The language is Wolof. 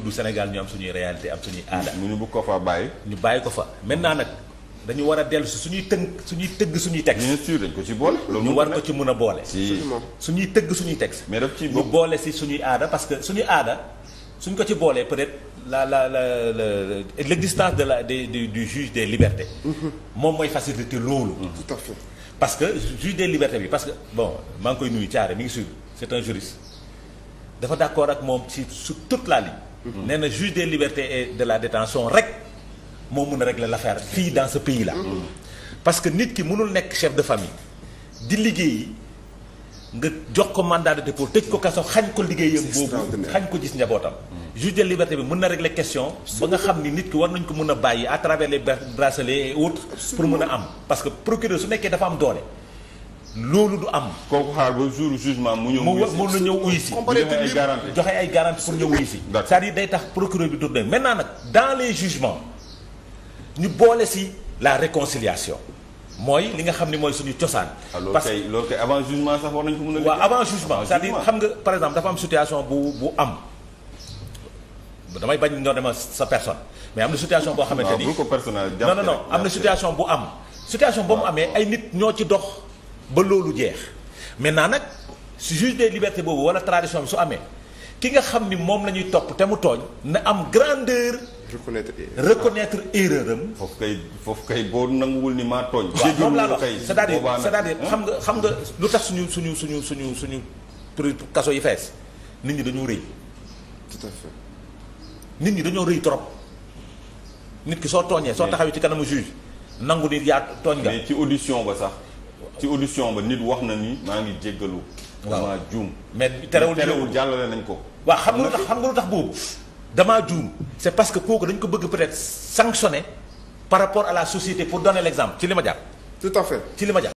du Sénégal ñu am suñuy réalité am suñuy aada. ñu bëgg ko fa bàyyi. ñu bàyyi ko fa maintenant nag dañu war a dellu si suñuy tënk suñuy tëgg suñuy texte. dañ ko ci boole. ñu war ko ci mën a boole. suñuy tëgg suñuy texte. mais daf ci ñu boole si suñuy aada parce que suñu aada suñ ko ci boolee peut-être la la la la l'existence de la de du juge des libertés. Mm-hmm. moom mooy facilité loolu. Mm-hmm. parce que juge de libertés bi parce que bon maa ngi koy nuyu Thiaré mi ngi suivre c'est un juriste dafa d'accord ak moom ci sur toute la nee na juge des libertés et de la détention rek moo mun a régler l'affaire fii dans ce pays la parce que nit ki mënul nekk chef de famille di liggéeyi nga jox ko mandat de pour tëj ko kaso xañ ko liggéey liggéeyam boobu xañ ko gis njabootam. juge de liberté bi mën na régler question ba nga xam ni nit ki war nañ ko mën a bàyyi à travers les bracelets et autres pour mën a am parce que procureur su nekkee dafa am doole. loolu du am. kooku xaar ba jour jugement mu ñëw. mu la ñëw uyu si joxe ay garantie pour ñëw uyu si. day tax procureur bi du doy maintenant nag dans les jugements boole si la réconciliation mooy li nga xam ni mooy suñu cosaan. Ah, parce que loolu kay avant jugement sax war nañ ko mën a. waaw avant jugement cest à xam nga par exemple dafa am situation bu bu am. damay bañ ñoo dema sa personne mais am na boo xamante ni non non non am na situation bu am situation ba mu amee ay nit ñoo ci dox ba loolu jeex maintenant nag su juge des libertés boobu wala tradition bi su amee ki nga xam ni moom la ñuy topp te mu tooñ na am grandeur. reconnaître erreur reconnaître erreur am. foofu kay boo nanguwul ni maa tooñ. waaw moom laa wax c'est-à-dire c'est-à-dire xam nga xam nga lu tax suñu suñu suñu suñu suñu kaso yi fees nit ñi dañoo rëy. nit ñi dañoo rëy trop. nit ki soo tooñee soo taxawee ci kanamu juge nangu nit yaa tooñ nga. ci audition ba sax. ci audition ba nit wax na ni maa ngi jéggalu. waaw damaa juum. mais terewul terewul jàllale nañ ko. waa xam nga lu tax xam nga lu tax boobu damaa juum. c'est parce que kooku dañ ko bëgg peut-être sanctionner par rapport à la société pour donner exemple ci li ma jàpp. tout à fait ci li ma jàpp.